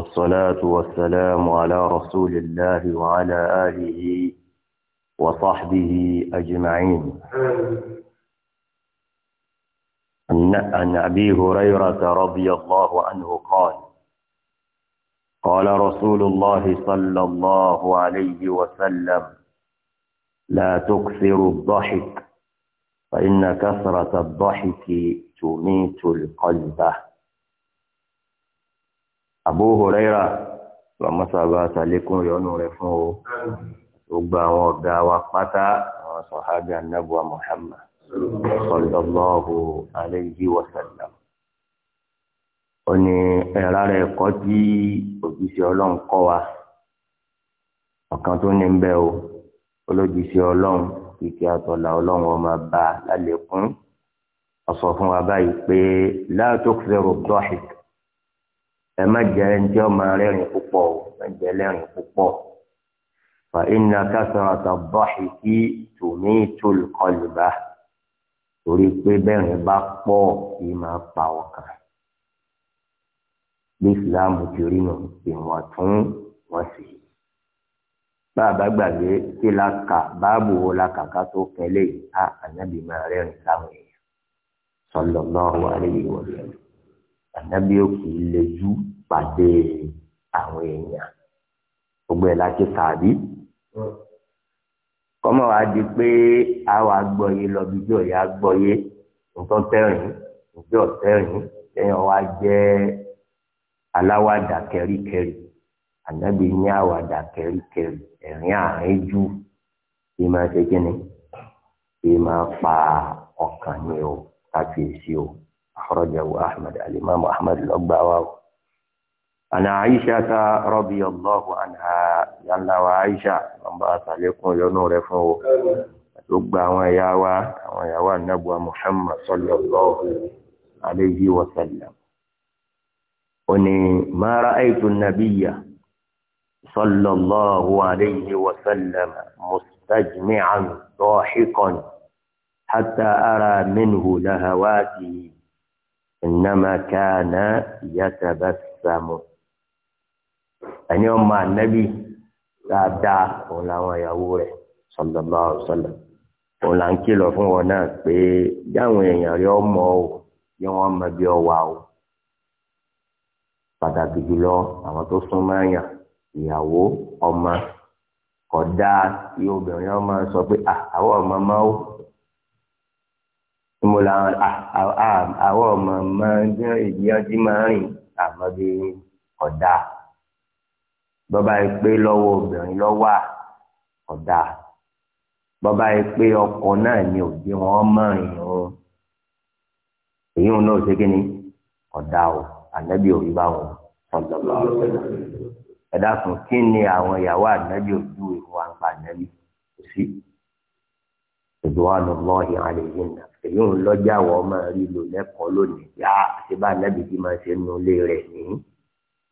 والصلاة والسلام على رسول الله وعلى آله وصحبه أجمعين عن أبي هريرة رضي الله عنه قال قال رسول الله صلى الله عليه وسلم لا تكثر الضحك فإن كثرة الضحك تميت القلب Abu Huraira lọ́mọ́sàbá sàlékún yọnu rẹ̀ fún o gbogbo àwọn ọ̀gá wa pátá àwọn sọ̀hábì anábùwà Muhammad sallallahu alayhi wa sallam. ó ní ẹ̀rá rẹ̀ kọ́ tí òjíṣẹ́ ọlọ́run kọ́ wa ọ̀kan tó ní bẹ́ẹ̀ o olójíṣẹ́ ọlọ́run kìkì àtọ̀là ọlọ́run ọmọ bá lálẹ́kún ọ̀sọ̀ fún wa báyìí pé la tukthiru dhahik ẹ má jẹ ẹni tí ọmọ rẹ́rìn púpọ̀ o má jẹ lẹ́rìn púpọ̀ fa inna kasrata dhahiki tumitul qalba torí pé bẹ́ẹ̀rin bá pọ̀ yìí máa pa ọkàn bí islam ti rí nù ìwọ̀n tún wọ́n sì bàbá gbàgbé kí la kà báàbò wo la kà ká tó kẹlẹ́ yìí a ànábì máa rẹ́rìn sáwọn èèyàn sallallahu alaihi wa sallam ànábì ò kì í lejú pàdé àwọn èèyàn gbogbo ẹ̀ láti kàbí kọ́mọ̀ wá di pé a wà gbọ́yé lọ bí jọ ya gbọ́yé nǹkan tẹ́rìn nǹkan ọ̀tẹ́rìn lẹ́yìn wá jẹ́ aláwàdà kẹríkẹrí ànábì ní àwàdà kẹríkẹrí ẹ̀rín àárín jù kí máa ṣe kí ni kí máa pa ọkàn ni o ká èsì o. أخرجه أحمد الإمام أحمد الأبواب أنا عائشة رضي الله عنها أنا وعائشة من بعث لكم ينور فوق وياوا وياوا النبوة محمد صلى الله عليه وسلم أني ما رأيت النبي صلى الله عليه وسلم مستجمعا ضاحكا حتى أرى منه لهواته إنما كان يتبسم ẹni ọmọ anabi dáadáa òun làwọn ìyàwó rẹ̀ sallallahu alaihi wasallam òun là ń kìlọ̀ fún wọn náà pé dáwọn èèyàn rí ọmọ o bí wọn mọ bí ọwà o pàtàkì jùlọ àwọn tó súnmọ́ àyàn ìyàwó ọmọ kódà tí obìnrin ọmọ sọ pé àwọn ọmọ máa ó mo là ń àwọn ọmọ ọmọ ìyájú máa rìn àmọ́ bí ọ̀dà bọ́bá yìí pé lọ́wọ́ obìnrin lọ́wọ́ ọ̀dà bọ́bá yìí pé ọkọ̀ náà ni òde wọn mọ̀rin o èyí wọn náà ṣe kí ni ọ̀dà o ànábì òbí bá wọn sọ̀dọ̀lọ́ ẹ̀dá fún kí ni àwọn ìyàwó ànábì ojú ìwà pa ànábì kò sí ridwanullahi alayhinna èyí ń lọ́jà wọ́ máa rí lò lẹ́kọ̀ọ́ lónìí yá àti bá anábì tí máa ṣe nu ilé rẹ̀ ní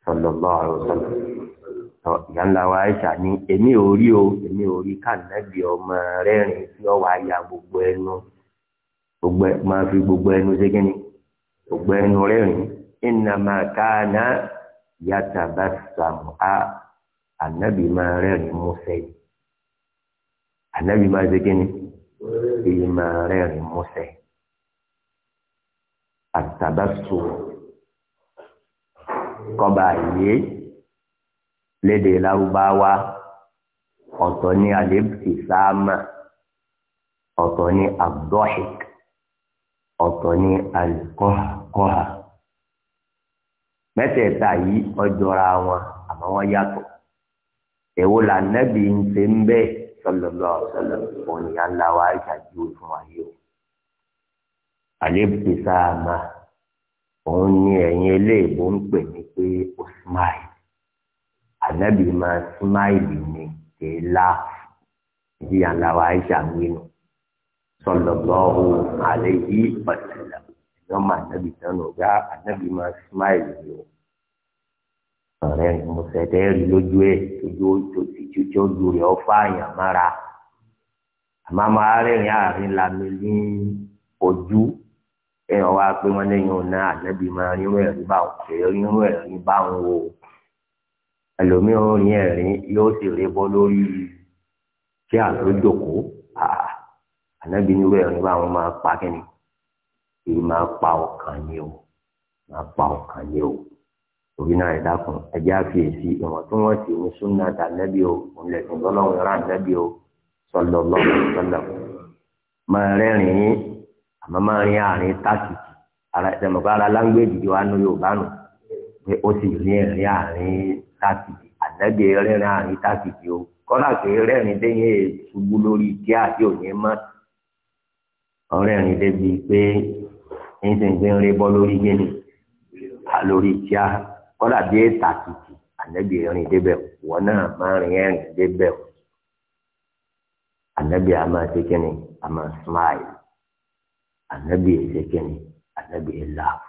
sallallahu alaihi wasallam tọ ìyá ńlá wa Aisha ní èmi ò rí o èmi ò rí kànábì ọmọ rẹ́rìn tí ó wàá ya gbogbo ẹnu gbogbo máa fi gbogbo ẹnu ṣe kí ni gbogbo ẹnu rẹ́rìn innama kana yatabassamu á ànábì máa rẹ́rìn músẹ́ ànábì máa ṣe kí ni ìmọ̀ rẹ̀ rìn músẹ̀ àtàbàtù kọba yìí lédè lárúbáwá ọ̀tọ̀ ní alébùtì sáàmà ọ̀tọ̀ ní abdulhik ọ̀tọ̀ ní alikọ́hakọ́ha mẹ́tẹ̀ẹ̀ta yìí ọjọ́ra wọn àmọ́ wọ́n yàtọ̀ èwo là nẹ́bí ń ṣe ń bẹ́ẹ̀ sọlọlọ ọsọlọ òun ìyá ńlá wa àìsà ju fún wa yìí o àlébùtì sáàmà òun ni ẹ̀yin eléèbó ń pè ní pé ó smile ànábì máa smile ni kì í laugh ìyá ńlá wa àìsà ń sọlọlọ òun àlẹ yìí pàtàkì ìyọ́mọ ànábì sanu ọ̀gá ànábì máa smile ni o ọ̀sẹ̀ tẹ́ẹ̀rì lójú ẹ̀ tójú tí tí ó lu rẹ̀ ọ̀fà àyàn mára àmọ́ máa rìnrìn àárín lami ní ojú ẹ wá pé wọ́n lẹ́yìn ọ̀nà ànábì máa rírú ẹ̀rí báwọn kò rírú ẹ̀rí báwọn o ẹlòmíràn rìn ẹ̀rín yóò sì rí bọ́ lórí tí àlójòkó ànábì nírú ẹ̀rí báwọn máa pa kẹ́ni èyí máa pa ọkàn ni o máa pa ọkàn ni o torí náà ẹ dákun ẹjẹ àfiyèsí ìwọ̀ntúnwọ̀nsì ní súnà tà nẹ́bí o òǹlẹ̀sìn lọ́lọ́run rà nẹ́bí o sọlọ lọ́wọ́ sọlọ. máa rẹ́rìn-ín àmọ́ máa rin àárín tásìkì ara ìdẹ̀mọ̀gbà ara láńgbéèjì yóò wá ní yorùbá nù pé ó sì rí ẹ̀rín àárín tásìkì ànẹ́bí rẹ́rìn àárín tásìkì o kọ́nà pé rẹ́rìn déyìn ṣubú lórí kí àti òní mọ́ ọ̀rẹ́rìn débi pé ń lórí gíní kọ́dà bí ètà títì ànábì rìn débẹ̀ wọn náà máa rìn ẹ̀rìn débẹ̀ ànábì a máa ṣe kíni a máa smile ànábì ṣe kíni ànábì laugh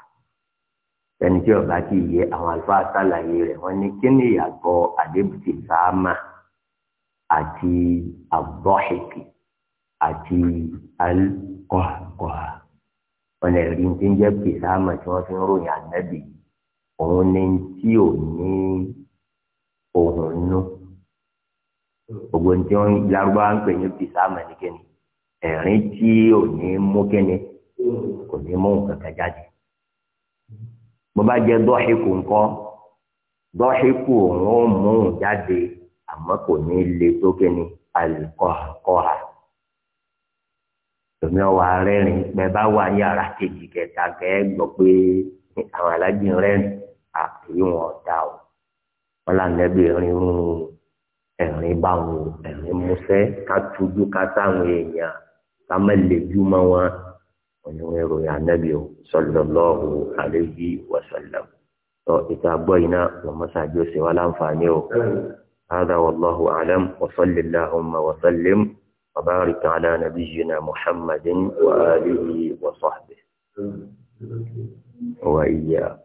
ẹni tí ọba ti yẹ àwọn àlùfáà sàlàyé rẹ̀ wọ́n ní kíni ìyàtọ̀ àdébùtì sáàmà àti àbọ̀ṣìkì àti alukọ̀ọ̀kọ̀ wọn ẹ̀rí ti ń jẹ́ pèsè àmọ̀ tí wọ́n fi ń ròyìn ànábì yìí òun ni tí ò ní ohun inú gbogbo ní tí wọn lárúbá ń pè ní bisáàmù ní kíni ẹ̀rín tí ò ní mú kíni kò ní mú nǹkan kan jáde bó bá jẹ dọ́ṣíkù ńkọ́ dọ́ṣíkù òun ó mú un jáde àmọ́ kò ní le tó kíni alikọ́ha tòmí ọwọ́ arẹ́rìn pẹ́ bá wà ní ara kejì kẹta kẹ́ gbọ́ pé àwọn alájí rẹ́rìn àkíwọn ọ̀dà o wọn là nẹ́bí ẹ̀rín rún ẹ̀rín bá wọn ẹ̀rín músẹ́ ká tójú ká sáwọn èèyàn ká má lejú mọ́ wọn òníwọ̀n ìròyìn ànẹ́bí o sallallahu alayhi wa sallam tó ìta gbọ́ iná wọn mọ́sàájú ṣe wá láǹfààní o. هذا والله أعلم وصل اللهم وسلم وبارك على نبينا محمد وآله وصحبه وإياه